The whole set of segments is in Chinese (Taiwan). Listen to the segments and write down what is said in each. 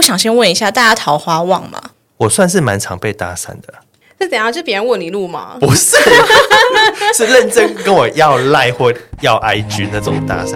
我想先問一下，大家桃花旺嗎？我算是蠻常被搭訕的、啊。那等下是別人問你路嗎？不是、啊， 是認真跟我要賴或要 I G 那種搭訕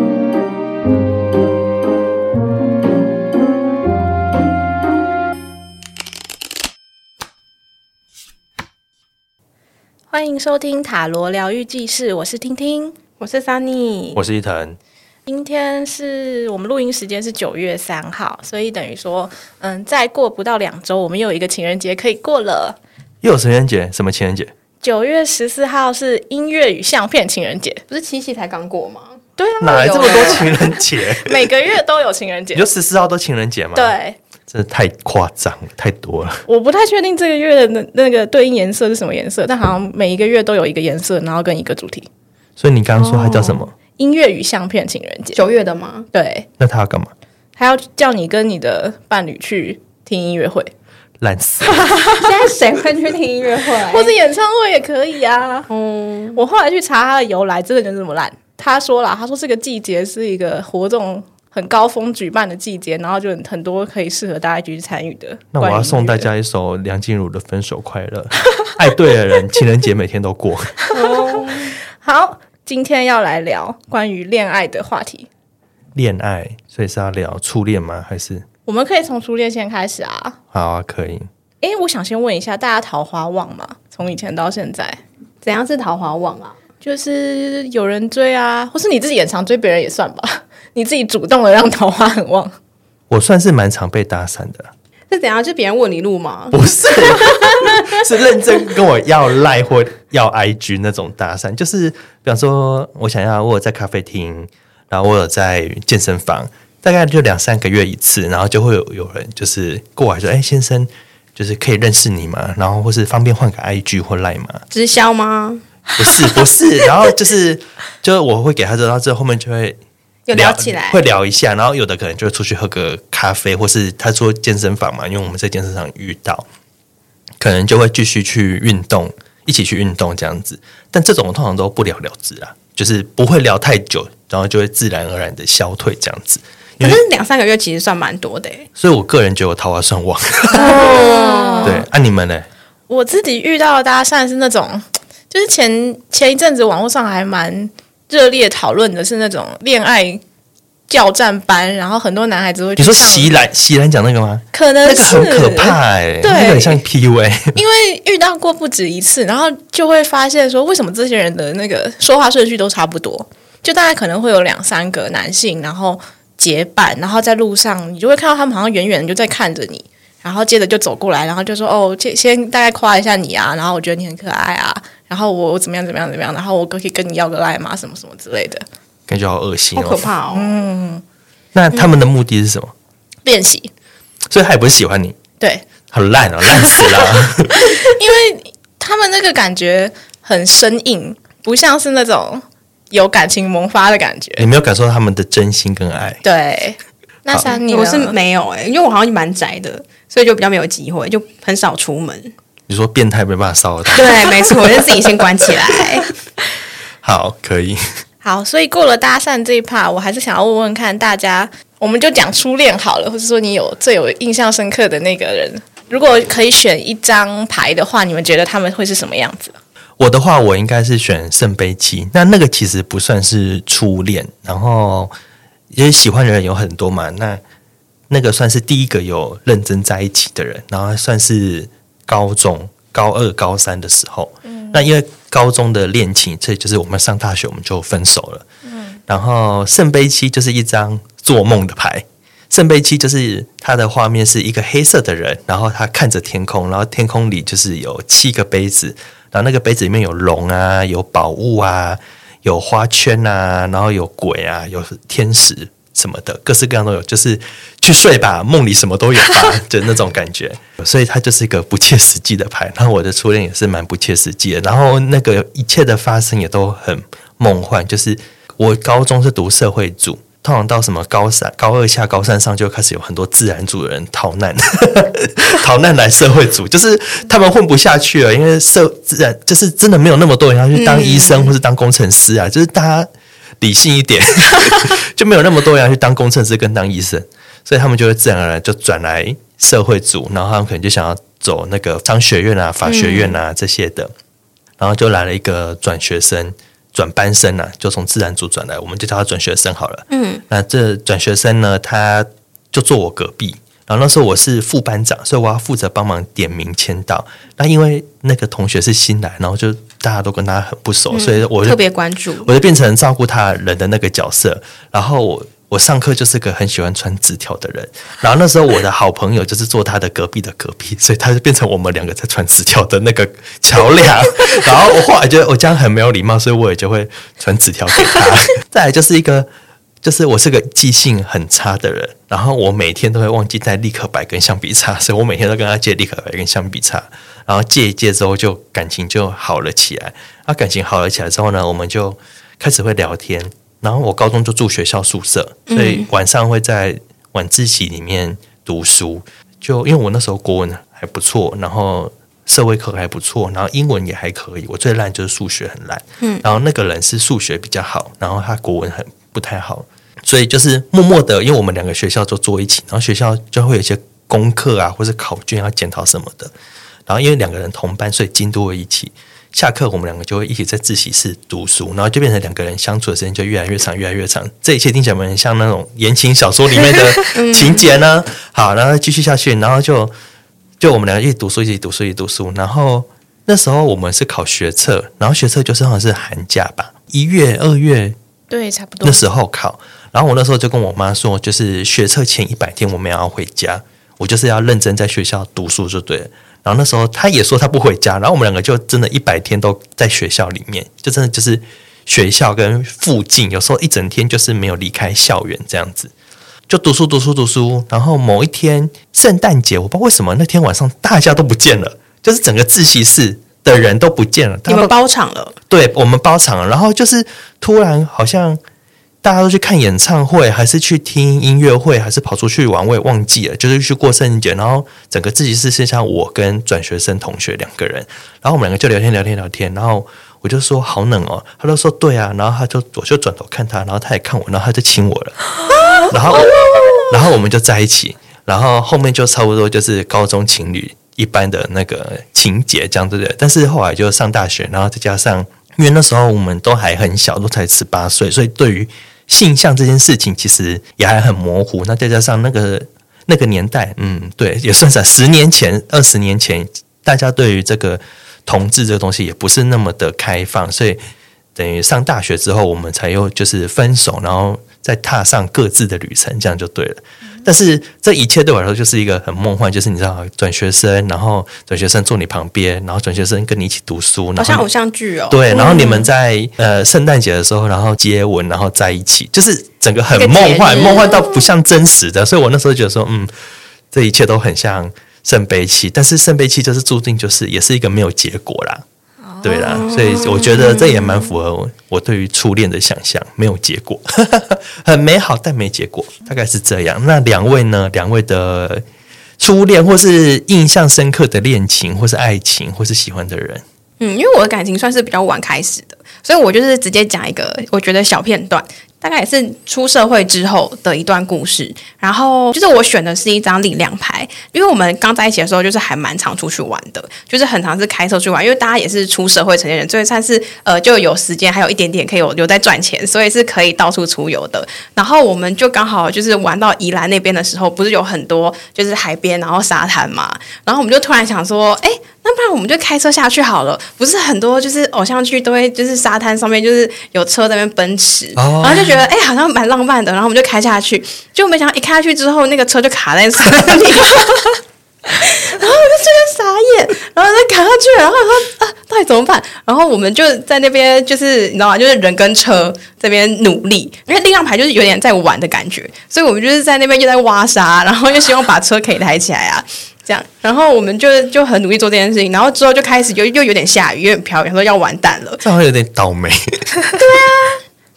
。歡迎收聽塔羅聊癒記事，我是聽聽。我是 Sunny，我是一騰。今天是我們錄音時間是九月三號，所以等於說，嗯，再過不到兩周，我們又有一個情人節可以過了。又有情人節？什麼情人節？九月十四號是音樂與相片情人節，不是七夕才剛過嗎？對啊，哪來、欸、這麼多情人節？ 每個月都有情人節，你就十四號都情人節嗎？對，真的太誇張了，太多了。我不太確定這個月的那那個對應顏色是什麼顏色，但好像每一個月都有一個顏色，然後跟一個主題。所以你剛剛說他叫什麼？Oh, 音樂與相片情人節，九月的嗎？對。那他要幹嘛？他要叫你跟你的伴侶去聽音樂會，爛死！ 現在誰會去聽音樂會？或 是演唱會也可以啊。嗯，我後來去查他的由來，真的就這麼爛。他說啦，他說這個季節是一個活動很高峰舉辦的季節，然後就很多可以適合大家一起去參與的。那我要送大家一首梁靜茹的《分手快樂，》 愛對的人，情人節每天都過。Oh. 好。今天要來聊關於戀愛的話題。戀愛，所以是要聊初戀嗎？還是我們可以從初戀先開始啊？好啊，可以。哎、欸，我想先問一下，大家桃花旺嗎？從以前到現在，怎樣是桃花旺啊？就是有人追啊，或是你自己也常追別人也算吧？你自己主動的讓桃花很旺。我算是蠻常被搭訕的。那怎樣？就別人問你路嗎？不是，是認真跟我要賴或要 IG 那種搭訕。就是比方說，我想要，我有在咖啡廳，然後我有在健身房，大概就兩三個月一次，然後就會有有人就是過來說：“哎、欸，先生，就是可以認識你嗎？”然後或是方便換個 IG 或賴嗎？直銷嗎？不是，不是，然後就是，就我會給他知道，這後後面就會。有聊起來聊會聊一下，然後有的可能就出去喝個咖啡，或是他說健身房嘛，因為我們在健身房遇到，可能就會繼續去運動，一起去運動這樣子。但這種我通常都不了了之啦，就是不會聊太久，然後就會自然而然的消退這樣子。可是兩三個月其實算蠻多的，欸，所以我個人覺得我桃花算旺。哦、 對啊，你們呢？我自己遇到的大家算是那種，就是前前一陣子網絡上還蠻，熱烈討論的是那種戀愛教戰班，然後很多男孩子會你說席蘭席蘭講那個嗎？可能是那個很可怕，欸，對，那個、很像 PUA。因為遇到過不止一次，然後就會發現說，為什麼這些人的那個說話順序都差不多？就大概可能會有兩三個男性，然後結伴，然後在路上，你就會看到他們好像遠遠的就在看着你，然後接着就走過來，然後就說：“哦，先大概誇一下你啊，然後我覺得你很可愛啊。”然後我怎麼樣怎麼樣怎麼樣，然後我哥可以跟你要個賴嗎？什麼什麼之類的，感覺好噁心、哦，好可怕哦。嗯，那他們的目的是什麼？嗯、練習，所以他也不是喜歡你，對，很爛啊、哦，爛死了、啊。 因為他們那個感覺很生硬，不像是那種有感情萌發的感覺。你沒有感受到他們的真心跟愛？對，那三年我是沒有、欸、因為我好像蠻宅的，所以就比較沒有機會，就很少出門。你說變態沒辦法燒了他。對，沒錯，我就自己先關起來。 好，可以。好，所以過了搭訕這一趴，我還是想要問問看大家，我們就講初戀好了，或者說你有最有印象深刻的那個人，如果可以選一張牌的話，你們覺得他們會是什麼樣子？我的話，我應該是選聖杯七，那那個其實不算是初戀，然後因為喜歡的人有很多嘛，那那個算是第一個有認真在一起的人，然後算是。高中高二、高三的時候，嗯，那因為高中的戀情，所以就是我們上大學我們就分手了，嗯。然後聖杯七就是一張做夢的牌，聖杯七就是它的畫面是一個黑色的人，然後他看着天空，然後天空裡就是有七個杯子，然後那個杯子裡面有龍啊，有寶物啊，有花圈啊，然後有鬼啊，有天使。什麼的，各式各樣都有，就是去睡吧，夢裡什麼都有吧， 就那種感覺。所以他就是一個不切實際的牌。然後我的初戀也是蠻不切實際的。然後那個一切的發生也都很夢幻。就是我高中是讀社會組，通常到什麼高三、高二下、高三上就開始有很多自然組的人逃難， 逃難來社會組，就是他們混不下去了，因為社自然就是真的沒有那麼多人要去當醫生或是當工程師啊，嗯、就是大家。理性一點 就沒有那麼多人要去當工程師跟當醫生，所以他們就會自然而然就轉來社會組，然後他們可能就想要走那個商學院啊、法學院啊這些的，然後就來了一個轉學生、轉班生啊，就從自然組轉來，我們就叫他轉學生好了。嗯，那這轉學生呢，他就坐我隔壁，然後那時候我是副班長，所以我要負責幫忙點名簽到。那因為那個同學是新來，然後就。大家都跟他很不熟，嗯，所以我就特別關注，我就變成照顧他人的那個角色。然後我我上課就是個很喜歡傳紙條的人。然後那時候我的好朋友就是坐他的隔壁的隔壁，所以他就變成我們兩個在傳紙條的那個橋梁。 然後我後來覺得我這樣很沒有禮貌，所以我也就會傳紙條給他。再來就是一個。就是我是個記性很差的人，然後我每天都會忘記帶立可白跟橡皮擦，所以我每天都跟他借立可白跟橡皮擦，然後借一借之後就感情就好了起來。那、啊、感情好了起來之後呢，我們就開始會聊天。然後我高中就住學校宿舍，所以晚上會在晚自習裡面讀書。就因為我那時候國文還不錯，然後社會科還不錯，然後英文也還可以。我最爛就是數學很爛。然後那個人是數學比較好，然後他國文很不太好。所以就是默默的，因為我們兩個學校就坐一起，然後學校就會有一些功課啊，或是考卷要檢討什麼的。然後因為兩個人同班，所以經多一起下課，我們兩個就會一起在自習室讀書，然後就變成兩個人相處的時間就越來越長，越來越長。 這一切聽起來有沒有像那種言情小說裡面的情節呢、啊。 嗯、好，然後繼續下去，然後就就我們兩個一起,一起讀書，一起讀書，一起讀書。然後那時候我們是考學測，然後學測就是好像是寒假吧，一月、二月，對，差不多那時候考。然後我那時候就跟我媽說，就是學測前一百天，我們要回家。我就是要認真在學校讀書就對了。然後那時候她也說她不回家。然後我們兩個就真的一百天都在學校裡面，就真的就是學校跟附近，有時候一整天就是沒有離開校園這樣子，就讀書讀書讀書。然後某一天聖誕節，我不知道為什麼那天晚上大家都不見了，就是整個自習室的人都不見了。你們包場了？對，我們包場了。然後就是突然好像。大家都去看演唱會，還是去聽音樂會，還是跑出去玩？我也忘記了。就是去過聖誕節，然後整個自習室剩下我跟轉學生同學兩個人，然後我們兩個就聊天聊天聊天。然後我就說：“好冷哦。”，他就說：“對啊。”，然後他就我就轉頭看他，然後他也看我，然後他就親我了。然後然後我們就在一起，然後後面就差不多就是高中情侶一般的那個情節這樣子的。但是後來就上大學，然後再加上因為那時候我們都還很小，都才十八歲，所以對於性向這件事情其實也還很模糊，那再加上那個那個年代，嗯，對，也算是十年前、二十年前，大家對於這個同志這個東西也不是那麼的開放，所以等於上大學之後，我們才又就是分手，然後再踏上各自的旅程，這樣就對了。嗯但是這一切對我來說就是一個很夢幻，就是你知道，轉學生，然後轉學生坐你旁邊，然後轉學生跟你一起讀書，然後好像偶像劇哦。對，然後你們在、嗯、呃聖誕節的時候，然後接吻，然後在一起，就是整個很夢幻，夢幻到不像真實的。所以我那時候覺得說，嗯，這一切都很像聖杯七，但是聖杯七就是注定就是也是一個沒有結果啦。對啦，所以我覺得這也蠻符合我，嗯，我對於初戀的想象，沒有結果，呵呵，很美好但沒結果，大概是這樣。那兩位呢？兩位的初戀或是印象深刻的戀情，或是愛情，或是喜歡的人？嗯，因為我的感情算是比較晚開始的，所以我就是直接講一個，我覺得小片段。大概也是出社會之後的一段故事，然後就是我選的是一張力量牌，因為我們剛在一起的時候就是還蠻常出去玩的，就是很常是開車去玩，因為大家也是出社會成年人，所以算是呃就有時間，還有一點點可以有有在賺錢，所以是可以到處出遊的。然後我們就剛好就是玩到宜蘭那邊的時候，不是有很多就是海邊然後沙灘嘛，然後我們就突然想說，誒。那不然我們就開車下去好了，不是很多，就是偶像劇都會就是沙灘上面就是有車在那邊奔馳，oh. 然後就覺得哎、欸、好像蠻浪漫的，然後我們就開下去，就沒想到一開下去之後那個車就卡在沙裡， 然後我就瞬間傻眼，然後就卡下去，然後說啊到底怎麼辦？然後我們就在那邊就是你知道嗎？就是人跟車這邊努力，因為力量牌就是有點在玩的感覺，所以我們就是在那邊又在挖沙，然後又希望把車可以抬起來啊。這樣，然後我們就就很努力做這件事情，然後之後就開始就又，又有點下雨，又有點飄雨，他說要完蛋了，這會有點倒霉。 對啊。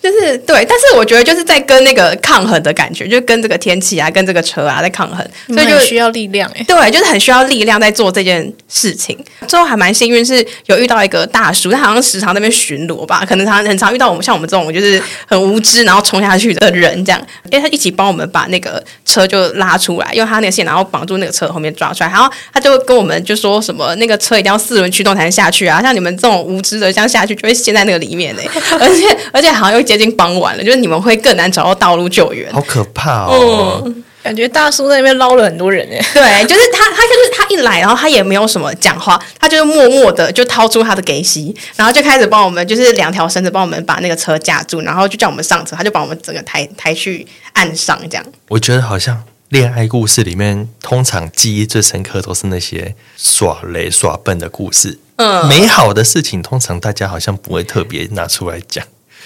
就是對，但是我覺得就是在跟那個抗衡的感覺，就跟這個天氣啊，跟這個車啊在抗衡，所以就很需要力量哎、欸，對，就是很需要力量在做這件事情。最後還蠻幸運，是有遇到一個大叔，他好像時常在那邊巡邏吧，可能他很常遇到我們像我們這種就是很無知，然後衝下去的人這樣，因為他一起幫我們把那個車就拉出來，用他那個線然後綁住那個車後面抓出來，然後他就跟我們就說什麼那個車一定要四輪驅動才能下去啊，像你們這種無知的，像下去就會陷在那個裡面呢、欸。 而且而且好像又。接近傍晚了，就是你們會更難找到道路救援，好可怕哦！嗯，感覺大叔在那邊撈了很多人哎。對，就是他，他就是他一來，然後他也沒有什麼講話，他就默默的就掏出他的給息，然後就開始幫我們，就是兩條繩子幫我們把那個車架住，然後就叫我們上車，他就把我們整個抬抬去岸上這樣。我覺得好像戀愛故事裡面，通常記憶最深刻都是那些耍雷耍笨的故事。嗯，美好的事情通常大家好像不會特別拿出來講。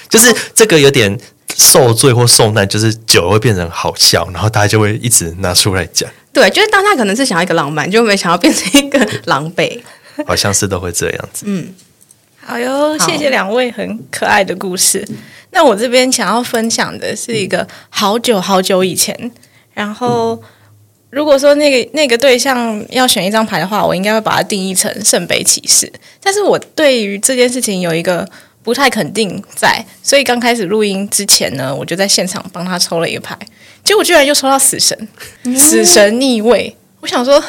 就是這個有點受罪，或受難，就是久會變成好笑，然後大家就會一直拿出來講。對，就是當大家可能是想要一個浪漫，就沒想要變成一個狼狽，好像是都會這樣子。 嗯，好喲，謝謝兩位很可愛的故事。那我這邊想要分享的是一個好久好久以前，嗯、然後、嗯、如果說那個那個對象要選一張牌的話，我應該會把它定義成聖杯騎士。但是我對於這件事情有一個，不太肯定在，所以剛開始錄音之前呢，我就在現場幫他抽了一個牌，結果居然又抽到死神，嗯、死神逆位。我想說，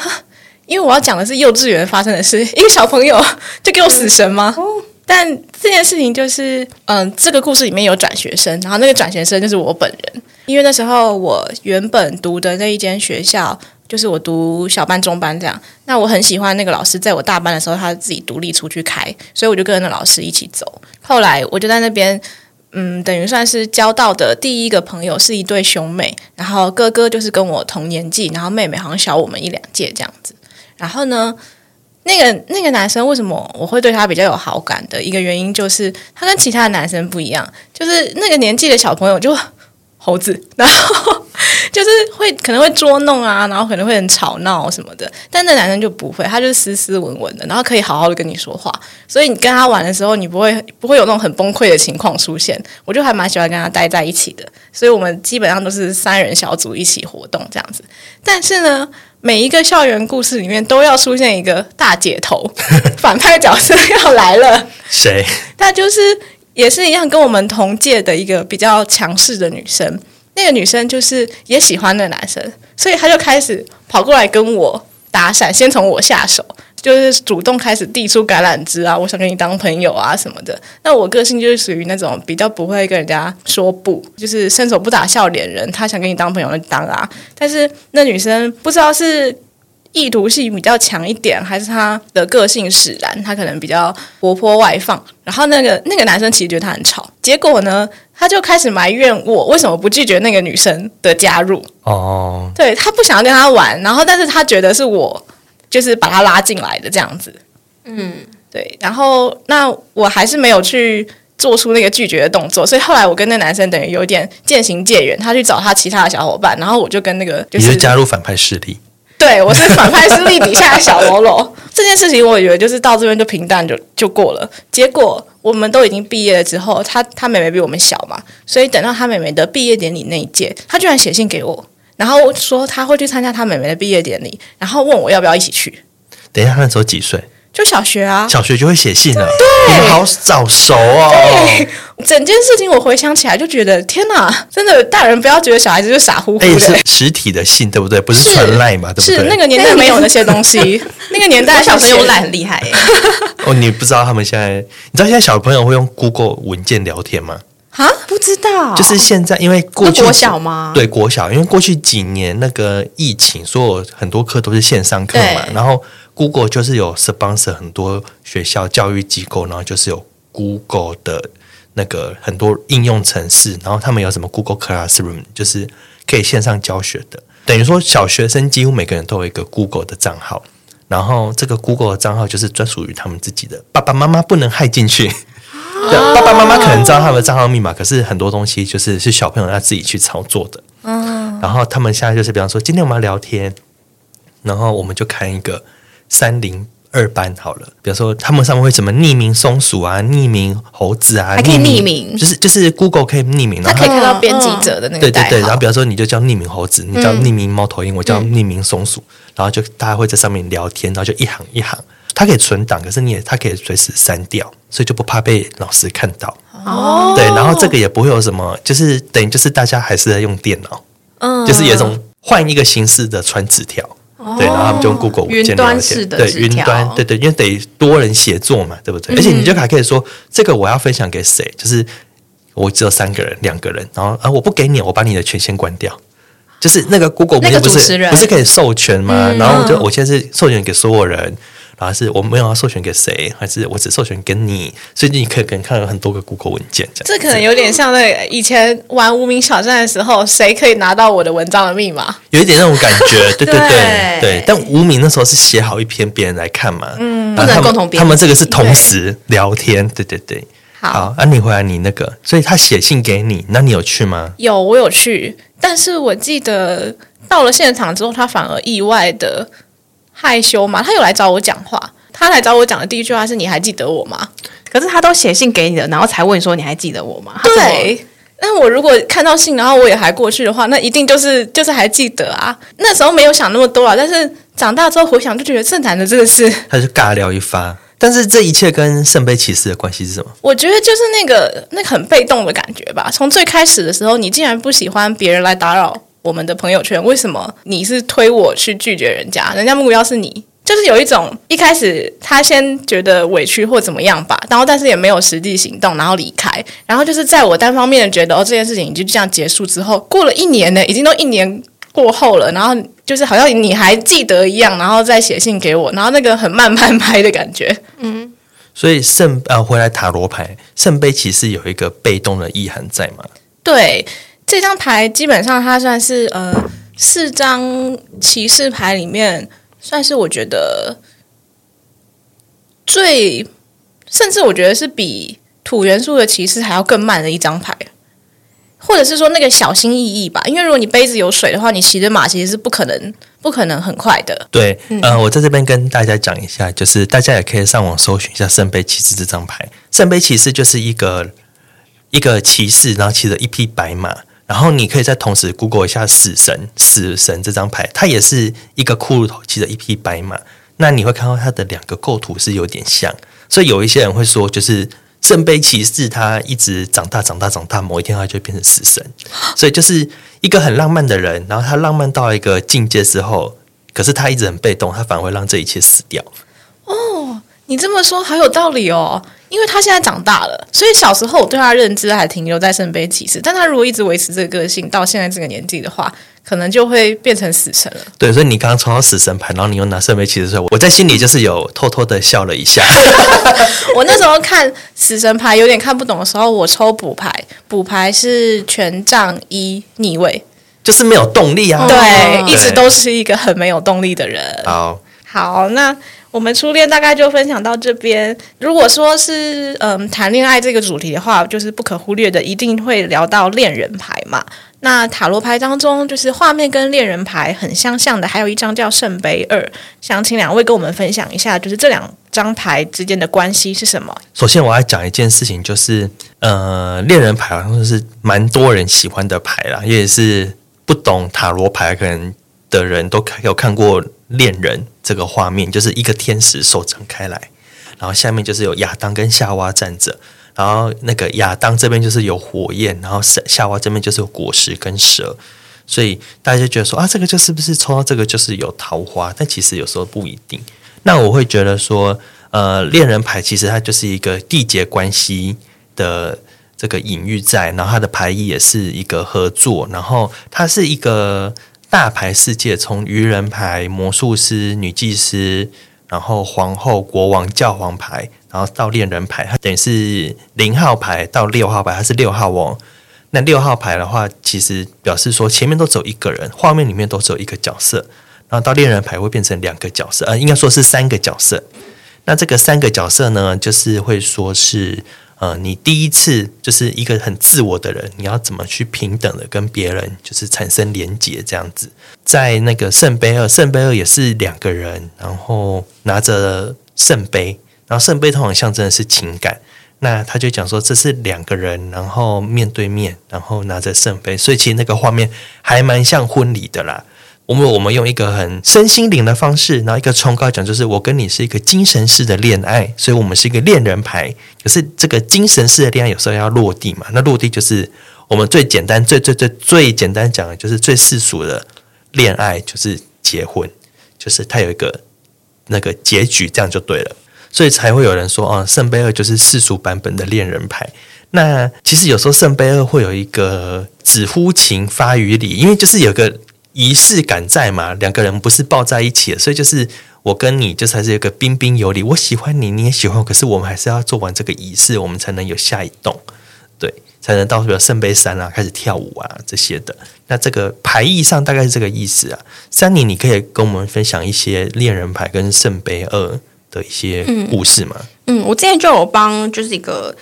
因為我要講的是幼稚園發生的事，一個小朋友就給我死神嗎？哦、但這件事情就是，嗯、呃，這個故事裡面有轉學生，然後那個轉學生就是我本人，因為那時候我原本讀的那一間學校，就是我讀小班、中班這樣，那我很喜歡那個老師，在我大班的時候，他自己獨立出去開，所以我就跟着那老師一起走。後來我就在那邊，嗯，等於算是交到的第一個朋友是一對兄妹，然後哥哥就是跟我同年紀，然後妹妹好像小我們一兩屆這樣子。然後呢，那個那個男生為什麼我會對他比較有好感的一個原因，就是他跟其他的男生不一樣，就是那個年紀的小朋友就。猴子，然後就是會可能會捉弄啊，然後可能會很吵鬧什麼的，但那男生就不會，他就是斯斯文文的，然後可以好好的跟你說話，所以你跟他玩的時候，你不會不會有那種很崩潰的情況出現，我就還蠻喜歡跟他待在一起的，所以我們基本上都是三人小組一起活動這樣子。但是呢，每一個校園故事裡面都要出現一個大姐頭 反派角色要來了，誰？他就是。也是一樣，跟我們同屆的一個比較強勢的女生，那個女生就是也喜歡那男生，所以她就開始跑過來跟我搭訕，先從我下手，就是主動開始遞出橄欖枝啊，我想跟你當朋友啊什麼的。那我個性就是屬於那種比較不會跟人家說不，就是伸手不打笑臉人，她想跟你當朋友，那當啊。但是那女生不知道是。意圖性比較強一點，還是他的個性使然。他可能比較活潑外放，然後那個那個男生其實覺得他很吵。結果呢，他就開始埋怨我為什麼不拒絕那個女生的加入。哦、oh.，對，他不想要跟他玩，然後但是他覺得是我就是把他拉進來的這樣子。嗯、mm.，對。然後那我還是沒有去做出那個拒絕的動作，所以後來我跟那男生等於有點漸行漸遠。他去找他其他的小夥伴，然後我就跟那個就是就加入反派勢力。 對，我是反派勢力底下的小嘍囉。這件事情，我以為就是到這邊就平淡就就過了。結果我們都已經畢業了之後，他他妹妹比我們小嘛，所以等到他妹妹的畢業典禮那一屆，他居然寫信給我，然後說他會去參加他妹妹的畢業典禮，然後問我要不要一起去。等一下，他那時候幾歲？就小學啊，小學就會寫信了、啊，對，你們好早熟啊、哦！整件事情我回想起來就覺得，天哪，真的大人不要覺得小孩子就傻乎乎的。欸、是實體的信對不對？不是傳賴嘛？對不對？是那個年代沒有那些東西， 那個年代小朋友賴很厲害、欸。哦，你不知道他們現在，你知道現在小朋友會用 Google 文件聊天嗎？啊，不知道，就是現在，因為過去國小嗎？對，國小，因為過去幾年那個疫情，所有很多課都是線上課嘛。然後 Google 就是有 sponsor 很多學校教育機構，然後就是有 Google 的那個很多應用程式，然後他們有什麼 Google Classroom，就是可以線上教學的。等於說小學生幾乎每個人都有一個 Google 的賬號，然後這個 Google 的賬號就是專屬於他們自己的，爸爸媽媽不能害進去。 對，爸爸媽媽可能知道他們的賬號密碼，可是很多東西就是是小朋友要自己去操作的。嗯，然後他們現在就是，比方說，今天我們要聊天，然後我們就看一個三零二班好了。比如說，他們上面會什麼匿名松鼠啊，匿名猴子啊，還可以匿名，匿名就是就是 Google 可以匿名，然後還可以看到編輯者的那個、嗯嗯。對對對，然後比方說，你就叫匿名猴子，你叫匿名貓頭鷹，我叫匿名松鼠、嗯，然後就大家會在上面聊天，然後就一行一行。它可以存檔，可是你也它可以隨時刪掉，所以就不怕被老師看到。哦，對，然後這個也不會有什麼，就是等於就是大家還是在用電腦，嗯，就是有一種換一個形式的傳紙條。對，然後他們就用 Google 雲端式的，對雲端，對，對對，因為得多人協作嘛，對不對、嗯？而且你就還可以說這個我要分享給誰，就是我只有三個人，兩個人，然後啊我不給你，我把你的權限關掉，就是那個 Google 不是、那個、不是可以授權嗎？嗯、然後就我現在是授權給所有人。還是我沒有要授權給誰，還是我只授權給你，所以你可以可能看了很多個 Google 文件這樣。這可能有點像那以前玩無名小站的時候，誰可以拿到我的文章的密碼？有一點那種感覺，對對對 對、對、對。但無名那時候是寫好一篇，別人來看嘛。嗯，不能共同，他們這個是同時聊天，對對、對對。好，安妮、啊、回來，你那個，所以他寫信給你，那你有去嗎？有，我有去，但是我記得到了現場之後，他反而意外的。害羞嘛？他有來找我講話，他來找我講的第一句話是“你還記得我嗎？”可是他都寫信給你了，然後才問說“你還記得我嗎？”對。那我，我如果看到信，然後我也還過去的話，那一定就是就是還記得啊。那時候沒有想那麼多啊，但是長大之後回想就覺得，這男的真的是……他就尬聊一發。但是這一切跟聖杯騎士的關係是什麼？我覺得就是那個那個很被動的感覺吧。從最開始的時候，你竟然不喜歡別人來打擾。我們的朋友圈為什麼你是推我去拒絕人家？人家目標是你，就是有一種一開始他先覺得委屈或怎麼樣吧，然後但是也沒有實際行動，然後離開，然後就是在我單方面的覺得哦這件事情已經這樣結束之後，過了一年呢，已經都一年過後了，然後就是好像你還記得一樣，然後再寫信給我，然後那個很慢半拍的感覺，嗯，所以聖呃、啊、回來塔羅牌聖杯其實有一個被動的意涵在嗎？對。這張牌基本上它算是呃四張騎士牌裡面算是我覺得最甚至我覺得是比土元素的騎士還要更慢的一張牌，或者是說那個小心翼翼吧，因為如果你杯子有水的話，你騎著馬其實是不可能不可能很快的。對，嗯、呃，我在這邊跟大家講一下，就是大家也可以上網搜尋一下聖杯騎士這張牌，聖杯騎士就是一個一個騎士，然後騎着一匹白馬。然後你可以再同時 Google 一下死神，死神這張牌，它也是一個骷髏頭騎着一匹白馬。那你會看到它的兩個構圖是有點像，所以有一些人會說，就是聖杯騎士他一直長大長大長大，某一天他就會變成死神。所以就是一個很浪漫的人，然後他浪漫到一個境界之後，可是他一直很被動，他反而會讓這一切死掉。哦，你這麼說好有道理哦。因為他現在長大了，所以小時候我對他認知還停留在聖杯騎士。但他如果一直維持這個個性到現在這個年紀的話，可能就會變成死神了。對，所以你剛剛抽到死神牌，然後你又拿聖杯騎士的時候，我我在心裡就是有偷偷的笑了一下。 我那時候看死神牌有點看不懂的時候，我抽補牌，補牌是權杖一逆位，就是沒有動力啊、嗯對。對，一直都是一個很沒有動力的人。好，好，那。我們初戀大概就分享到這邊。如果說是嗯談戀愛這個主題的話，就是不可忽略的，一定會聊到戀人牌嘛。那塔羅牌當中，就是畫面跟戀人牌很相像，像的，還有一張叫聖杯二。想請兩位跟我們分享一下，就是這兩張牌之間的關係是什麼？首先我要講一件事情，就是呃戀人牌好像是蠻多人喜歡的牌啦，也，也是不懂塔羅牌可能。的人都看有看過戀人這個畫面，就是一個天使手張開來，然後下面就是有亞當跟夏娃站着，然後那個亞當這邊就是有火焰，然後夏夏娃這邊就是有果實跟蛇，所以大家就覺得說啊，這個就是不是抽到這個就是有桃花，但其實有時候不一定。那我會覺得說，呃，戀人牌其實它就是一個締結關係的這個隱喻在，然後它的牌意也是一個合作，然後它是一個。大牌世界從愚人牌、魔術師、女祭司，然後皇後、國王、教皇牌，然後到戀人牌，它等於是零號牌到六號牌，它是六號哦。那六號牌的話，其實表示說前面都只有一個人，畫面裡面都只有一個角色。然後到戀人牌會變成兩個角色，呃，應該說是三個角色。那這個三個角色呢，就是會說是。呃，你第一次就是一個很自我的人，你要怎麼去平等的跟別人就是產生連接這樣子？在那個聖杯二，聖杯二也是兩個人，然後拿着聖杯，然後聖杯通常象徵的是情感，那他就講說，這是兩個人，然後面對面，然後拿着聖杯，所以其實那個畫面還蠻像婚禮的啦。我們我們用一個很身心靈的方式，然後一個崇高講，就是我跟你是一個精神式的戀愛，所以我們是一個戀人牌。可是這個精神式的戀愛有時候要落地嘛，那落地就是我們最簡單、最最最最，最簡單講的就是最世俗的戀愛，就是結婚，就是它有一個那個結局，這樣就對了。所以才會有人說，哦、啊，聖杯二就是世俗版本的戀人牌。那其實有時候聖杯二會有一個止乎情發乎禮，因為就是有個。儀式感在嘛。兩個人不是抱在一起，所以就是我跟你，就才是還是一個彬彬有禮。我喜歡你，你也喜歡我，可是我們還是要做完這個儀式，我們才能有下一動，對，才能到比如說聖杯三啊，開始跳舞啊這些的。那這個牌意上大概是這個意思啊。Sunny，你可以跟我們分享一些戀人牌跟聖杯二的一些故事嗎？嗯，嗯，我之前就有幫就是一個。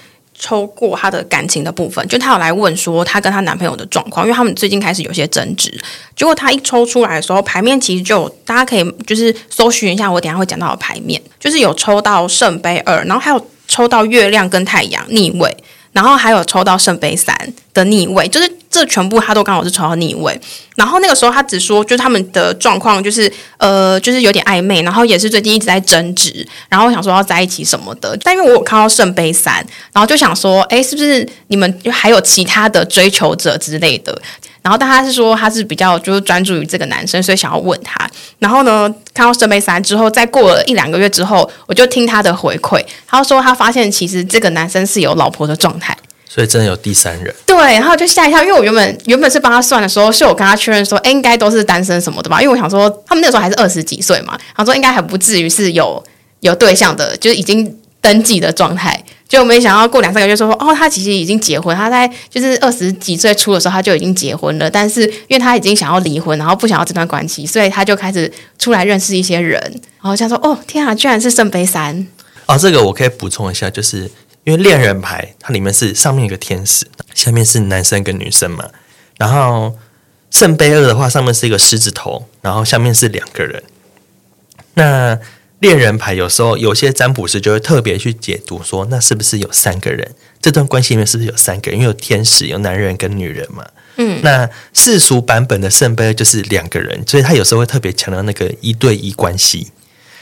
抽過她的感情的部分，就她有來問說她跟她男朋友的狀況，因為他們最近開始有些爭執。結果她一抽出來的時候，牌面其實就有，大家可以就是搜尋一下，我等一下會講到的牌面，就是有抽到聖杯二，然後還有抽到月亮跟太陽逆位，然後還有抽到聖杯三的逆位，就是這全部他都剛好是抽到逆位。然後那個時候他只說，就是他們的狀況就是呃，就是有點曖昧，然後也是最近一直在爭執，然後想說要在一起什麼的。但因為我有看到聖杯三，然後就想說，誒，是不是你們就還有其他的追求者之類的？然後，但他是說他是比較就是專注於這個男生，所以想要問他。然後呢，看到聖杯三之後，再過了一兩個月之後，我就聽他的回饋，他說他發現其實這個男生是有老婆的狀態，所以真的有第三人。對，然後就嚇一跳，因為我原本原本是幫他算的時候，是我跟他確認說誒，應該都是單身什麼的吧，因為我想說他們那時候還是二十幾歲嘛，然後說應該還不至於是有有對象的，就是已經登記的狀態。就沒想到過兩三個月，就說哦，他其實已經結婚。他在就是二十幾歲初的時候，他就已經結婚了。但是因為他已經想要離婚，然後不想要這段關係，所以他就開始出來認識一些人。然後他說：“哦，天啊，居然是聖杯三。”哦，這個我可以補充一下，就是因為戀人牌，它裡面是上面一個天使，下面是男生跟女生嘛。然後聖杯二的話，上面是一個獅子頭，然後下面是兩個人。那戀人牌有時候有些占卜師就會特別去解讀說，那是不是有三個人？這段關係裡面是不是有三個人？因為有天使、有男人跟女人嘛。嗯，那世俗版本的聖杯就是兩個人，所以他有時候會特別強調那個一對一關係。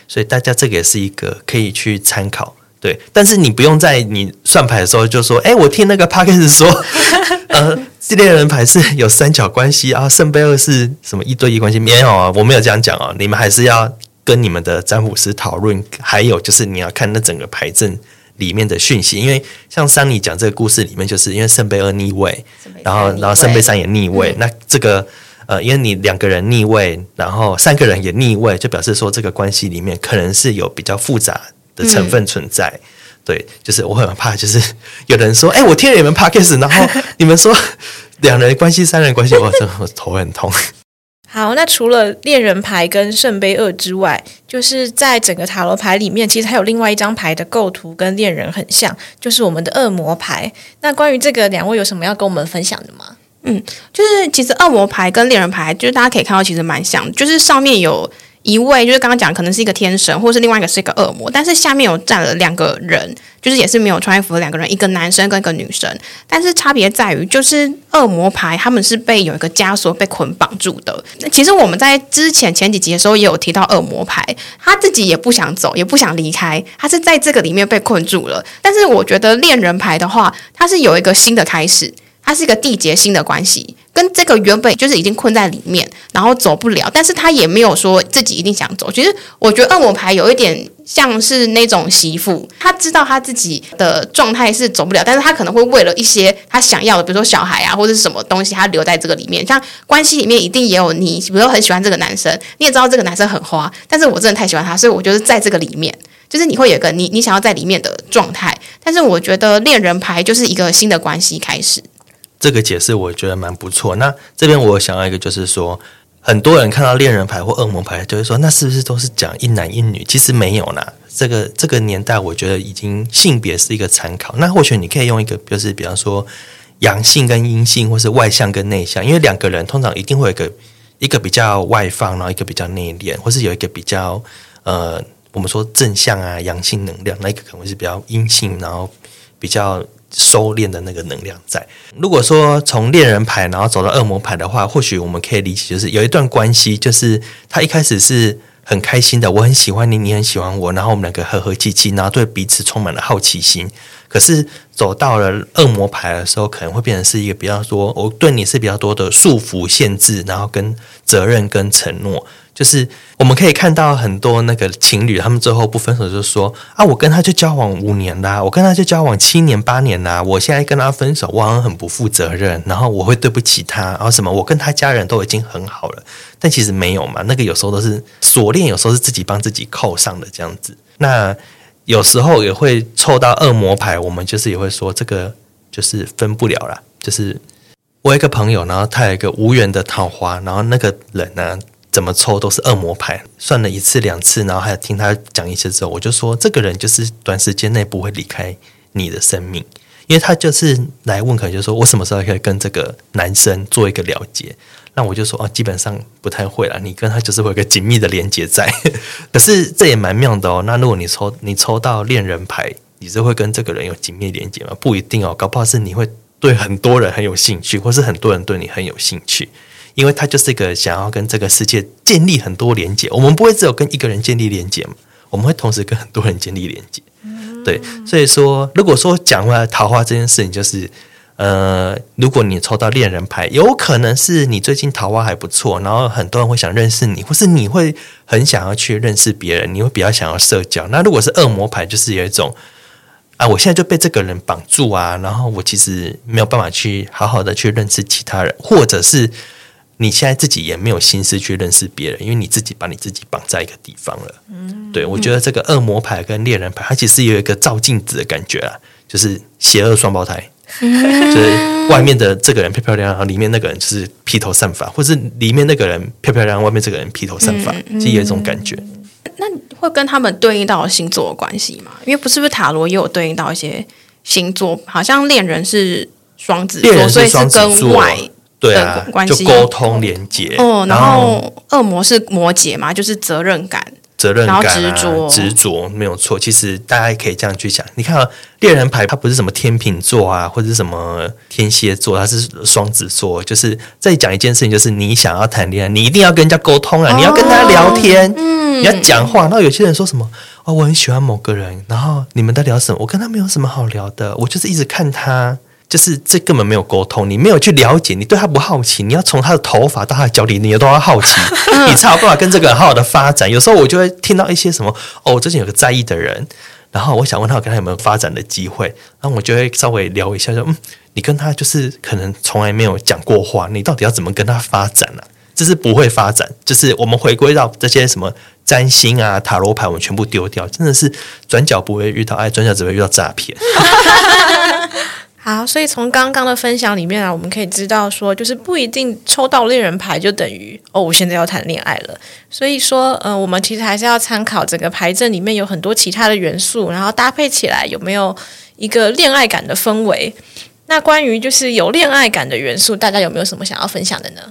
所以大家這個也是一個可以去參考，對。但是你不用在你算牌的時候就說：“哎、欸，我聽那個 Podcast 說， 呃，戀人牌是有三角關係啊，聖杯二是什麼一對一關係？”沒有啊，我沒有這樣講啊，你們還是要。跟你們的占卜師討論，還有就是你要看那整個牌陣裡面的訊息，因為像 Sunny 講這個故事裡面，就是因為聖杯二逆位，然後然後聖杯三也逆位，嗯、那這個呃，因為你兩個人逆位，然後三個人也逆位，就表示說這個關係裡面可能是有比較複雜的成分存在。嗯、對，就是我很怕，就是有人說，哎、嗯欸，我聽了你們 Podcast 然後你們說兩 人關係、三人關係，我 我頭很痛。好，那除了戀人牌跟聖杯二之外，就是在整個塔羅牌裡面，其實還有另外一張牌的構圖跟戀人很像，就是我們的惡魔牌。那關於這個，兩位有什麼要跟我們分享的嗎？嗯，就是其實惡魔牌跟戀人牌，就是大家可以看到，其實蠻像，就是上面有。一位就是剛剛講，可能是一個天神，或是另外一個是一個惡魔，但是下面有站了兩個人，就是也是沒有穿衣服的兩個人，一個男生跟一個女生，但是差別在於就是惡魔牌他們是被有一個枷鎖被捆綁住的。那其實我們在之前前幾集的時候也有提到惡魔牌，他自己也不想走，也不想離開，他是在這個裡面被困住了。但是我覺得戀人牌的話，他是有一個新的開始，他是一個締結新的關係。跟這個原本就是已經困在裡面，然後走不了，但是他也沒有說自己一定想走。其實我覺得惡魔牌有一點像是那種媳婦，他知道他自己的狀態是走不了，但是他可能會為了一些他想要的，比如說小孩啊，或者是什麼東西，他留在這個裡面。像關係裡面一定也有你，比如說很喜歡這個男生，你也知道這個男生很花，但是我真的太喜歡他，所以我就是在這個裡面，就是你會有一個你你想要在裡面的狀態。但是我覺得戀人牌就是一個新的關係開始。這個解釋我覺得蠻不錯。那這邊我想要一個，就是說，很多人看到戀人牌或惡魔牌，就會說，那是不是都是講一男一女？其實沒有啦。這個這個年代，我覺得已經性別是一個參考。那或許你可以用一個，就是比方說，陽性跟陰性，或是外向跟內向。因為兩個人通常一定會有一個一個比較外放，然後一個比較內斂，或是有一個比較呃，我們說正向啊，陽性能量，那一個可能是比較陰性，然後比較。收斂的那個能量在。如果說從戀人牌，然後走到惡魔牌的話，或許我們可以理解，就是有一段關係，就是他一開始是很開心的，我很喜歡你，你很喜歡我，然後我們兩個和和氣氣，然後對彼此充滿了好奇心。可是走到了惡魔牌的時候，可能會變成是一個比較說，我對你是比較多的束縛、限制，然後跟責任跟承諾。就是我們可以看到很多那個情侶，他們最後不分手就是說啊，我跟他就交往五年啦，我跟他就交往七年八年啦，我現在跟他分手，我好像很不負責任，然後我會對不起他，然後什麼，我跟他家人都已經很好了，但其實沒有嘛，那個有時候都是鎖鏈，有時候是自己幫自己扣上的這樣子。那有時候也會抽到惡魔牌，我們就是也會說這個就是分不了了。就是我有一個朋友，然後他有一個無緣的桃花，然後那個人呢、啊。怎麼抽都是惡魔牌，算了一次兩次，然後還有聽他講一些之後，我就說這個人就是短時間內不會離開你的生命。因為他就是來問，可能就是說我什麼時候可以跟這個男生做一個了結。那我就說啊、哦，基本上不太會啦，你跟他就是會有個緊密的連接在。 可是這也蠻妙的哦。那如果你抽你抽到戀人牌，你是會跟這個人有緊密的連接嗎？不一定哦，搞不好是你會對很多人很有興趣，或是很多人對你很有興趣。因為他就是一個想要跟這個世界建立很多連接，我們不會只有跟一個人建立連接，我們會同時跟很多人建立連接。對，所以說，如果說講回來桃花這件事情，就是，呃，如果你抽到戀人牌，有可能是你最近桃花還不錯，然後很多人會想認識你，或是你會很想要去認識別人，你會比較想要社交。那如果是惡魔牌，就是有一種，啊，我現在就被這個人綁住啊，然後我其實沒有辦法去好好的去認識其他人，或者是。你現在自己也沒有心思去認識別人，因為你自己把你自己綁在一個地方了。嗯，對我覺得這個惡魔牌跟戀人牌、嗯，它其實有一個照鏡子的感覺啊，就是邪惡雙胞胎、嗯，就是外面的這個人漂漂亮亮，然後裡面那個人就是披頭散髮，或是裡面那個人漂漂亮亮，外面這個人披頭散髮、嗯嗯，是有一種感覺、嗯嗯。那會跟他們對應到星座的關係嗎？因為不是不是塔羅也有對應到一些星座，好像戀人是雙子座，戀人是雙子座，所以是跟外。對啊對，就溝通連接哦。然後，然後惡魔是摩羯嘛，就是責任感，責任感、啊，然後執着，執着沒有錯。其實大家可以這樣去想，你看啊，戀人牌它不是什麼天秤座啊，或者是什麼天蠍座，它是雙子座。就是再講一件事情，就是你想要談戀愛，你一定要跟人家溝通啊、哦，你要跟他聊天，嗯，你要講話。然後有些人說什麼啊、哦，我很喜歡某個人，然後你們在聊什麼？我跟他沒有什麼好聊的，我就是一直看他。就是這根本沒有溝通，你沒有去了解，你對他不好奇，你要從他的頭髮到他的腳底，你有多少好奇？你才有辦法跟這個人好好的發展。 有時候我就會聽到一些什麼哦，我之前有個在意的人，然後我想問他我跟他有沒有發展的機會，然後我就會稍微聊一下，就嗯，你跟他就是可能從來沒有講過話，你到底要怎麼跟他發展呢、啊？這是不會發展，就是我們回歸到這些什麼占星啊、塔羅牌，我們全部丟掉，真的是轉角不會遇到愛，轉角只會遇到詐騙。 好，所以從剛剛的分享裡面啊，我們可以知道說，就是不一定抽到戀人牌就等於哦，我現在要談戀愛了。所以說，嗯、呃，我們其實還是要參考整個牌陣裡面有很多其他的元素，然後搭配起來有沒有一個戀愛感的氛圍。那關於就是有戀愛感的元素，大家有沒有什麼想要分享的呢？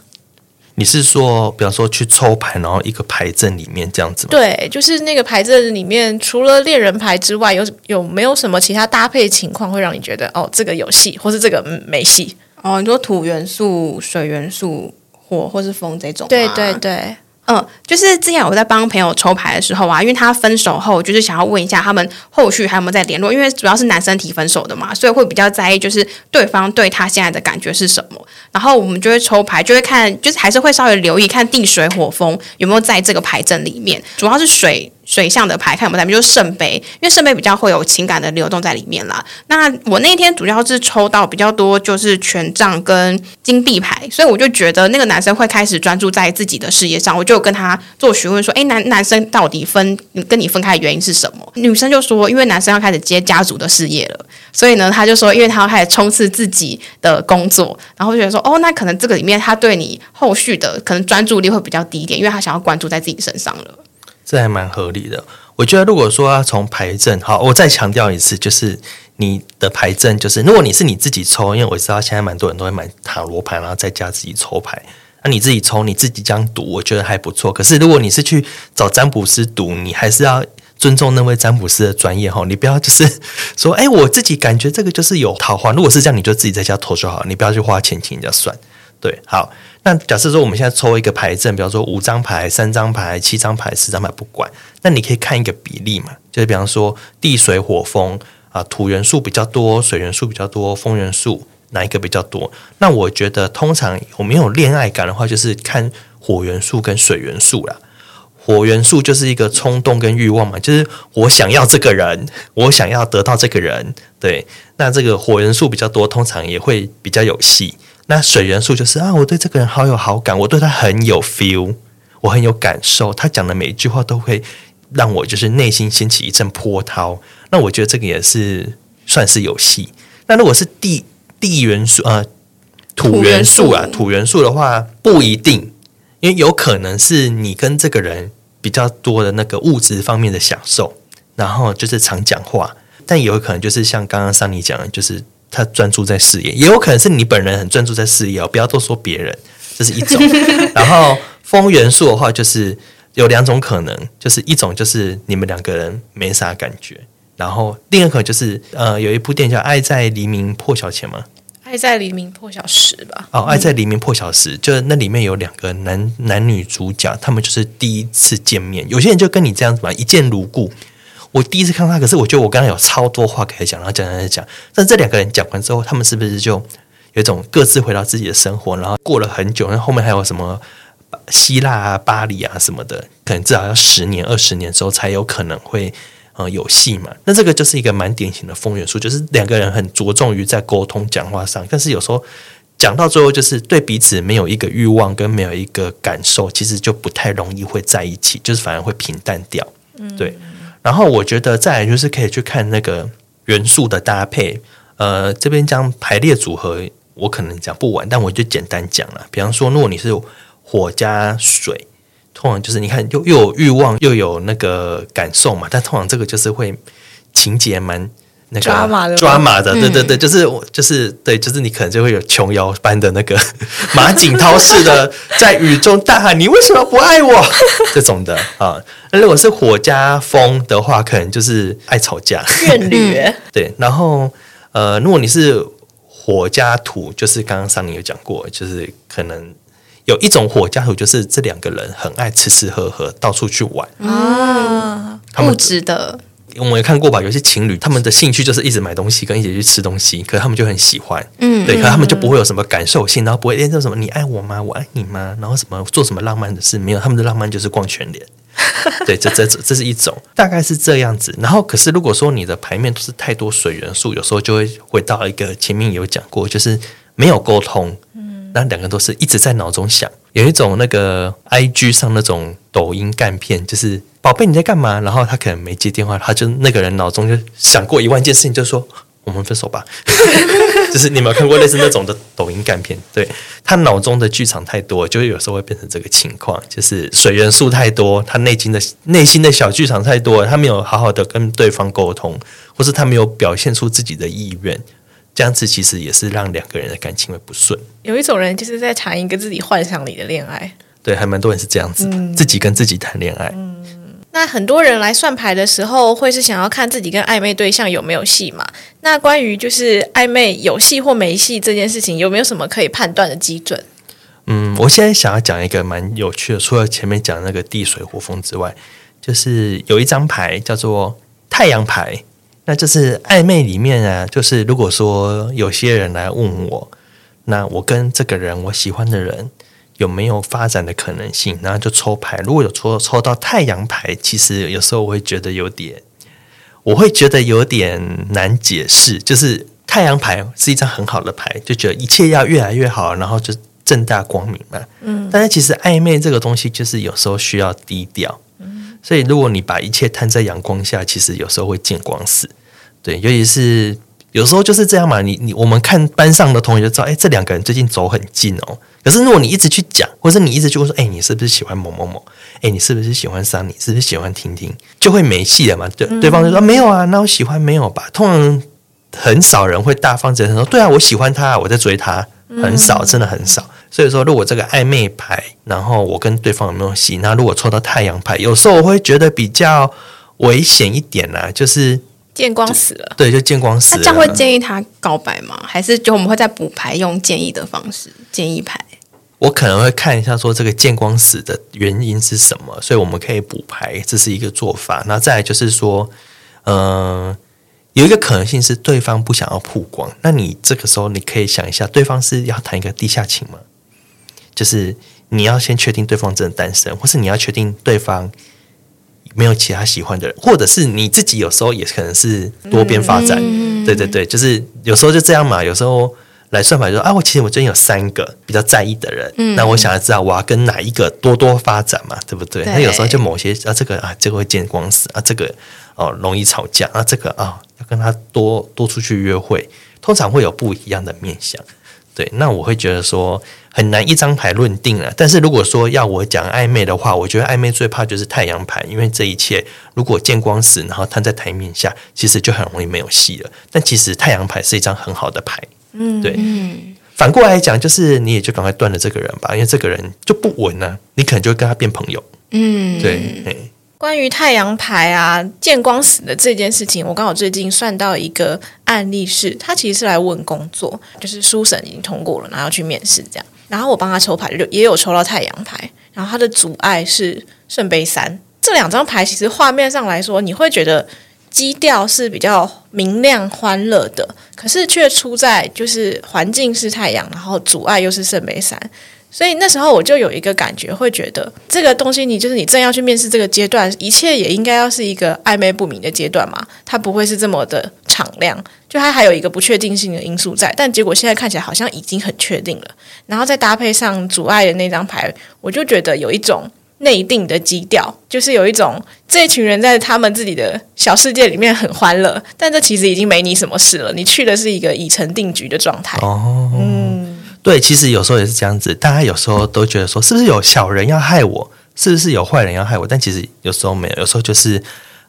你是說，比方說去抽牌，然後一個牌陣裡面這樣子？對，就是那個牌陣裡面，除了戀人牌之外，有有沒有什麼其他搭配情況會讓你覺得哦，這個有戲或是這個沒戲？哦，你說土元素、水元素、火或是風這種啊？對對對。嗯，就是之前我在幫朋友抽牌的時候啊，因為他分手後就是想要問一下他們後續還有沒有在聯絡，因為主要是男生提分手的嘛，所以會比較在意，就是對方對他現在的感覺是什麼。然後我們就會抽牌，就會看，就是還是會稍微留意看地水火風有沒有在這個牌陣裡面，主要是水。水象的牌，看我們這邊就是聖杯，因為聖杯比較會有情感的流動在裡面啦。那我那天主要是抽到比較多就是權杖跟金幣牌，所以我就覺得那個男生會開始專注在自己的事業上。我就跟他做詢問說：“誒、欸，男男生到底分跟你分開的原因是什麼？”女生就說：“因為男生要開始接家族的事業了，所以呢，他就說因為他要開始衝刺自己的工作，然後就覺得說哦，那可能這個裡面他對你後續的可能專注力會比較低一點，因為他想要關注在自己身上了。”這還蠻合理的。我覺得，如果說要從牌陣，好，我再強調一次，就是你的牌陣。就是如果你是你自己抽，因為我知道現在蠻多人都會買塔羅牌，然後在家自己抽牌。那你自己抽，你自己這樣讀，我覺得還不錯。可是，如果你是去找占卜師讀，你還是要尊重那位占卜師的專業哈。你不要就是說，誒、哎，我自己感覺這個就是有桃花。如果是這樣，你就自己在家抽就好了，你不要去花錢請人家算。對，好。那假設說我們現在抽一個牌陣，比方說五張牌、三張牌、七張牌、十張牌不管，那你可以看一個比例嘛，就是比方說地、水、火、風啊，土元素比較多，水元素比較多，風元素哪一個比較多？那我覺得通常我們有戀愛感的話，就是看火元素跟水元素啦。火元素就是一個衝動跟慾望嘛，就是我想要這個人，我想要得到這個人，對。那這個火元素比較多，通常也會比較有戲。那水元素就是啊，我對這個人好有好感，我對他很有 feel，我很有感受，他講的每一句話都會讓我就是內心掀起一陣波濤。那我覺得這個也是算是有戲。那如果是地地元素啊、土元素啊、土元素啊、土元素的話，不一定，因為有可能是你跟這個人比較多的那個物質方面的享受，然後就是常講話，但也有可能就是像剛剛桑尼講的，就是。他專注在事業，也有可能是你本人很專注在事業哦，不要都說別人，這是一種。 然後風元素的話，就是有兩種可能，就是一種就是你們兩個人沒啥感覺，然後另一個可能就是呃，有一部電影叫《愛在黎明破曉前》嗎？愛在黎明破曉時吧。哦、嗯，愛在黎明破曉時，就是那裡面有兩個男男女主角，他們就是第一次見面，有些人就跟你這樣子嘛，一見如故。我第一次看到他，可是我覺得我剛剛有超多話可以講，然後講講講講。但是這兩個人講完之後，他們是不是就有一種各自回到自己的生活，然後過了很久？那後面還有什麼希臘啊、巴黎啊什麼的，可能至少要十年、二十年之後才有可能會呃有戲嘛？那這個就是一個蠻典型的風元素，就是兩個人很着重於在溝通講話上，但是有時候講到最後，就是對彼此沒有一個欲望跟沒有一個感受，其實就不太容易會在一起，就是反而會平淡掉。對。嗯然後我覺得再來就是可以去看那個元素的搭配，呃，這邊講排列組合我可能講不完，但我就簡單講了。比方說，如果你是火加水，通常就是你看又又有欲望又有那個感受嘛，但通常這個就是會情節蠻。那個抓馬的，的，對對對，就是我，就是、就是、對，就是你可能就會有瓊瑤般的那個馬景濤式的， 在雨中大喊“你為什麼不愛我” 這種的啊。如果是火加風的話，可能就是愛吵架。怨女。 對，然後呃，如果你是火加土，就是剛剛桑尼有講過，就是可能有一種火加土，就是這兩個人很愛吃吃喝喝，到處去玩啊，很不值得。我們也看過吧，有些情侶他們的興趣就是一直買東西跟一起去吃東西，可是他們就很喜歡，嗯，對，可、嗯、他們就不會有什麼感受性，然後不會那種、欸、什麼“你愛我嗎？我愛你嗎？”然後什麼做什麼浪漫的事沒有，他們的浪漫就是逛全聯。 對，這這這這是一種，大概是這樣子。然後，可是如果說你的牌面都是太多水元素，有時候就會回到一個前面有講過，就是沒有溝通，嗯，那兩個都是一直在腦中想。有一種那個 IG 上那種抖音干片，就是。寶貝，你在幹嘛？然後他可能沒接電話，他就那個人腦中就想過一萬件事情，就說我們分手吧。 就是你有沒有看過類似那種的抖音幹片？對，他腦中的劇場太多，就有時候會變成這個情況，就是水元素太多，他內心的內心的小劇場太多，他沒有好好的跟對方溝通，或是他沒有表現出自己的意願，這樣子其實也是讓兩個人的感情會不順。有一種人就是在談一個自己幻想裡的戀愛，對，還蠻多人是這樣子的，嗯、自己跟自己談戀愛。嗯那很多人來算牌的時候，會是想要看自己跟曖昧對象有沒有戲嘛？那關於就是曖昧有戲或沒戲這件事情，有沒有什麼可以判斷的基準？嗯，我現在想要講一個蠻有趣的，除了前面講那個地水火風之外，就是有一張牌叫做太陽牌，那就是曖昧裡面啊，就是如果說有些人來問我，那我跟這個人，我喜歡的人。有沒有發展的可能性？然後就抽牌，如果有抽抽到太陽牌，其實有時候我會覺得有點，我會覺得有點難解釋。就是太陽牌是一張很好的牌，就覺得一切要越來越好，然後就正大光明嘛。嗯，但是其實曖昧這個東西，就是有時候需要低調，嗯。所以如果你把一切攤在陽光下，其實有時候會見光死。對，尤其是。有時候就是這樣嘛，你你我們看班上的同學就知道，哎、欸，這兩個人最近走很近哦、喔。可是如果你一直去講，或者你一直去說，哎、欸，你是不是喜歡某某某？哎、欸，你是不是喜歡上你是不是喜歡聽聽？就會沒戲了嘛？對，嗯、對方就說沒有啊，那我喜歡沒有吧？通常很少人會大方直接說，對啊，我喜歡他，我在追他，很少，真的很少。所以說，如果這個曖昧牌，然後我跟對方有沒有戲？那如果抽到太陽牌，有時候我會覺得比較危險一點啦、啊，就是。見光死了，對，就見光死了。那這樣會建議他告白嗎？還是就我們會再補牌用建議的方式建議牌？我可能會看一下說這個見光死的原因是什麼，所以我們可以補牌，這是一個做法。那再來就是說，嗯、呃，有一個可能性是對方不想要曝光，那你這個時候你可以想一下，對方是要談一個地下情嗎？就是你要先確定對方真的單身，或是你要確定對方。沒有其他喜歡的人，或者是你自己有時候也可能是多邊發展，嗯、對對對，就是有時候就這樣嘛。有時候來算法就說、是、啊，我其實我最近有三個比較在意的人，那、嗯、我想要知道我要跟哪一個多多發展嘛，對不對？那、嗯、有時候就某些啊，這個啊，這個會見光死啊，這個哦容易吵架啊，這個啊、哦、要跟他多多出去約會，通常會有不一樣的面向。對，那我會覺得說很難一張牌論定了啊。但是如果說要我講曖昧的話，我覺得曖昧最怕就是太陽牌，因為這一切如果見光死，然後攤在台面下，其實就很容易沒有戲了。但其實太陽牌是一張很好的牌，嗯，對，嗯。反過來講，就是你也就趕快斷了這個人吧，因為這個人就不穩了啊，你可能就會跟他變朋友，嗯，對，關於太陽牌啊，見光死的這件事情，我剛好最近算到一個案例是，是他其實是來問工作，就是書審已經通過了，然後去面試這樣，然後我幫他抽牌，也有抽到太陽牌，然後他的阻礙是聖杯三，這兩張牌其實畫面上來說，你會覺得基調是比較明亮、歡樂的，可是卻出在就是環境是太陽，然後阻礙又是聖杯三。所以那時候我就有一個感覺，會覺得這個東西，你就是你正要去面試這個階段，一切也應該要是一個曖昧不明的階段嘛，它不會是這麼的敞亮，就它還有一個不確定性的因素在。但結果現在看起來好像已經很確定了，然後再搭配上阻礙的那張牌，我就覺得有一種內定的基調，就是有一種這群人在他們自己的小世界裡面很歡樂，但這其實已經沒你什麼事了，你去的是一個已成定局的狀態。哦，oh，嗯。對，其實有時候也是這樣子，大家有時候都覺得說、嗯，是不是有小人要害我，是不是有壞人要害我？但其實有時候沒有，有時候就是，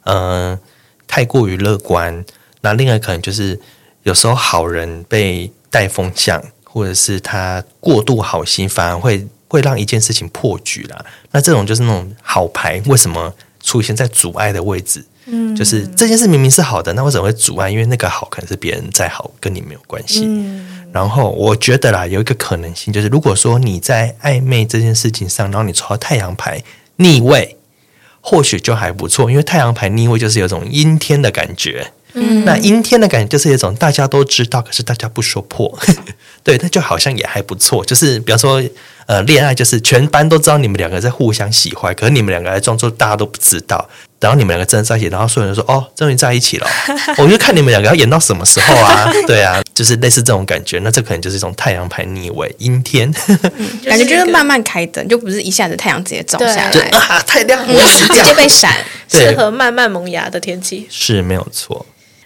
嗯、呃，太過於樂觀。那另外可能就是，有時候好人被帶風向，或者是他過度好心，反而會會讓一件事情破局啦。那這種就是那種好牌，為什麼，出現在阻礙的位置，嗯，就是這件事明明是好的，那為什麼會阻礙？因為那個好可能是別人在好，跟你沒有關係。嗯，然後我覺得啦，有一個可能性就是，如果說你在曖昧這件事情上，然後你抽到太陽牌逆位，或許就還不錯，因為太陽牌逆位就是有種陰天的感覺。嗯、那陰天的感覺就是一種大家都知道，可是大家不說破，呵呵對，那就好像也還不錯。就是比方說，呃，戀愛就是全班都知道你們兩個在互相喜歡，可是你們兩個在裝作大家都不知道。然後你們兩個真的在一起，然後所有人說：“哦，終於在一起了。”我就看你們兩個要演到什麼時候啊？對啊，就是類似這種感覺。那這可能就是一種太陽牌逆位，陰天、嗯就是，感覺就是慢慢開燈，就不是一下子太陽直接照下來了對、啊，太亮了、嗯，直接被閃。適合慢慢萌芽的天氣是沒有錯。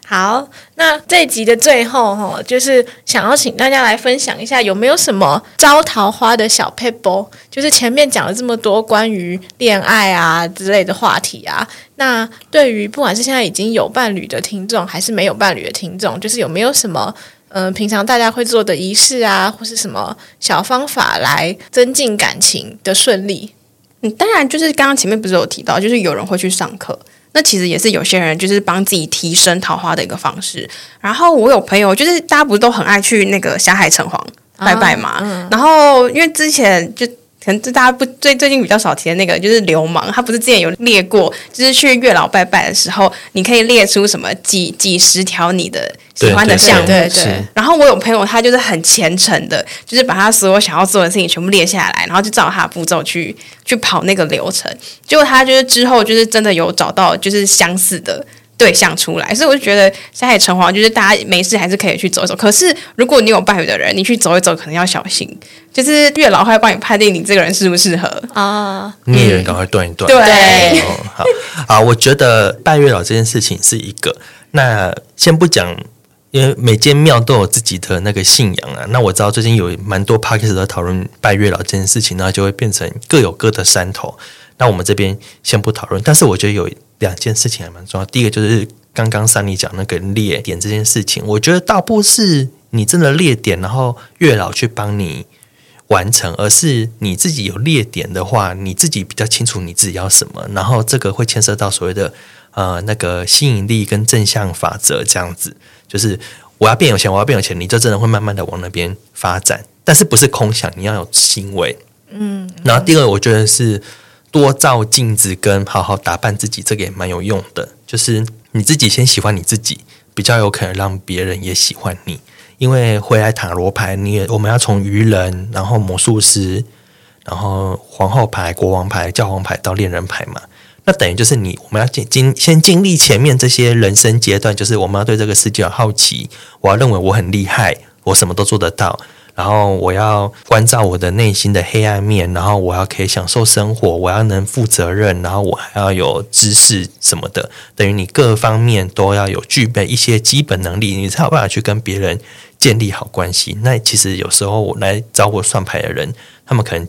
好，那這一集的最後，哈，就是想要請大家來分享一下，有沒有什麼招桃花的小撇步。就是前面講了這麼多關於戀愛啊之類的話題啊，那對於不管是現在已經有伴侶的聽眾，還是沒有伴侶的聽眾，就是有沒有什麼，嗯、呃，平常大家會做的儀式啊，或是什麼小方法來增進感情的順利？嗯，當然，就是剛剛前面不是有提到，就是有人會去上課。那其實也是有些人就是幫自己提升桃花的一個方式。然後我有朋友，就是大家不是都很愛去那個霞海城隍拜拜嘛、哦嗯？然後因為之前就。可能就大家不最最近比較少提的那個，就是流氓。他不是之前有列過，就是去月老拜拜的時候，你可以列出什麼幾幾十條你的喜歡的項目。對、對、對、對、對、對、對，然後我有朋友，他就是很虔誠的，就是把他所有想要做的事情全部列下來，然後就照他的步驟去去跑那個流程。結果他就是之後就是真的有找到就是相似的。對象出來，所以我就覺得霞海城隍就是大家沒事還是可以去走一走。可是如果你有伴侶的人，你去走一走可能要小心，就是月老會幫你判定你這個人適不適合啊。你也要趕快斷一斷。對，對嗯哦、好啊，我覺得拜月老這件事情是一個，那先不講，因為每間廟都有自己的那個信仰啊。那我知道最近有蠻多 podcast 在討論拜月老這件事情，那就會變成各有各的山頭。那我們這邊先不討論，但是我覺得有。兩件事情還蠻重要，第一個就是剛剛 Sunny 講那個列點這件事情，我覺得倒不是你真的列點，然後月老去幫你完成，而是你自己有列點的話，你自己比較清楚你自己要什麼，然後這個會牽涉到所謂的呃那個吸引力跟正向法則這樣子，就是我要變有錢，我要變有錢，你就真的會慢慢的往那邊發展，但是不是空想，你要有行為。嗯，然後第二個，我覺得是。多照鏡子跟好好打扮自己，這個也蠻有用的。就是你自己先喜歡你自己，比較有可能讓別人也喜歡你。因為回來塔羅牌，你也我們要從愚人，然後魔術師，然後皇後牌、國王牌、教皇牌到戀人牌嘛。那等於就是你，我們要經經先經歷前面這些人生階段，就是我們要對這個世界有好奇，我要認為我很厲害，我什麼都做得到。然後我要關照我的內心的黑暗面，然後我要可以享受生活，我要能負責任，然後我還要有知識什麼的，等於你各方面都要有具備一些基本能力，你才有辦法去跟別人建立好關係。那其實有時候我來找我算牌的人，他們可能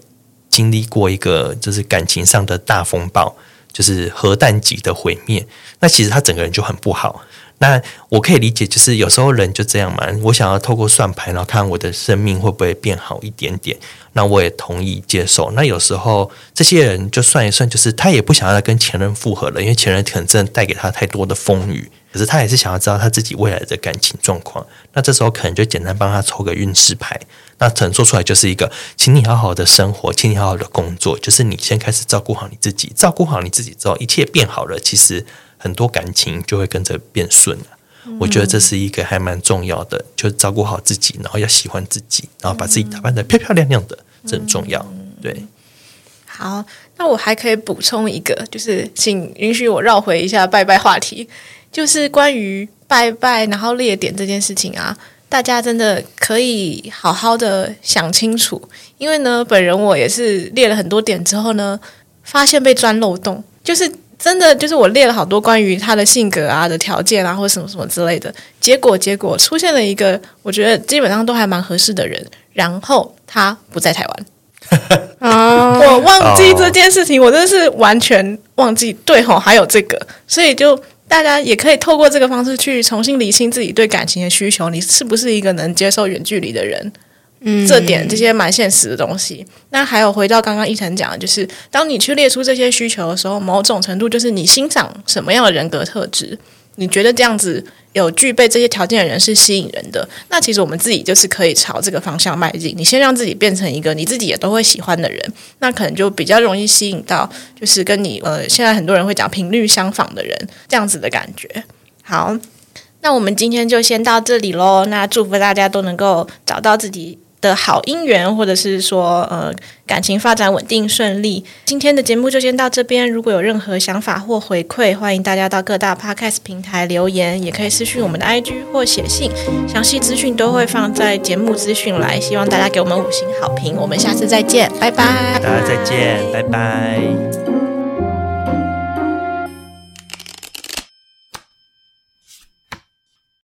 經歷過一個就是感情上的大風暴，就是核彈級的毀滅，那其實他整個人就很不好。那我可以理解，就是有時候人就這樣嘛。我想要透過算牌，然後看我的生命會不會變好一點點。那我也同意接受。那有時候這些人就算一算，就是他也不想要跟前任復合了，因為前任可能真的帶給他太多的風雨。可是他也是想要知道他自己未來的感情狀況。那這時候可能就簡單幫他抽個運勢牌。那可能做出來就是一個，請你好好的生活，請你好好的工作，就是你先開始照顧好你自己，照顧好你自己之後，一切變好了。其實。很多感情就會跟着變順了，我覺得這是一個還蠻重要的，就是照顧好自己，然後要喜歡自己，然後把自己打扮得漂漂亮亮的，這很重要。嗯嗯。對，好，那我還可以補充一個，就是請允許我繞回一下拜拜話題，就是關於拜拜然後列點這件事情啊，大家真的可以好好的想清楚，因為呢，本人我也是列了很多點之後呢，發現被鑽漏洞，就是。真的就是我列了好多關於他的性格啊、的條件啊或者什麼什麼之類的結果，結果出現了一個我覺得基本上都還蠻合適的人，然後他不在台灣啊， oh, 我忘記這件事情，oh. 我真的是完全忘記。對吼，還有這個，所以就大家也可以透過這個方式去重新理清自己對感情的需求，你是不是一個能接受遠距離的人？這點這些蠻現實的東西。那還有回到剛剛一騰講的，就是當你去列出這些需求的時候，某種程度就是你欣賞什麼樣的人格特質，你覺得這樣子有具備這些條件的人是吸引人的。那其實我們自己就是可以朝這個方向邁進。你先讓自己變成一個你自己也都會喜歡的人，那可能就比較容易吸引到就是跟你呃現在很多人會講頻率相仿的人這樣子的感覺。好，那我們今天就先到這裡嘍。那祝福大家都能夠找到自己的好姻緣，或者是說，呃，感情發展穩定順利。今天的節目就先到這邊。如果有任何想法或回饋，歡迎大家到各大 Podcast 平台留言，也可以私訊我們的 IG 或寫信。詳細資訊都會放在節目資訊欄。希望大家給我們五星好評。我們下次再見，拜拜。大家再見，拜拜。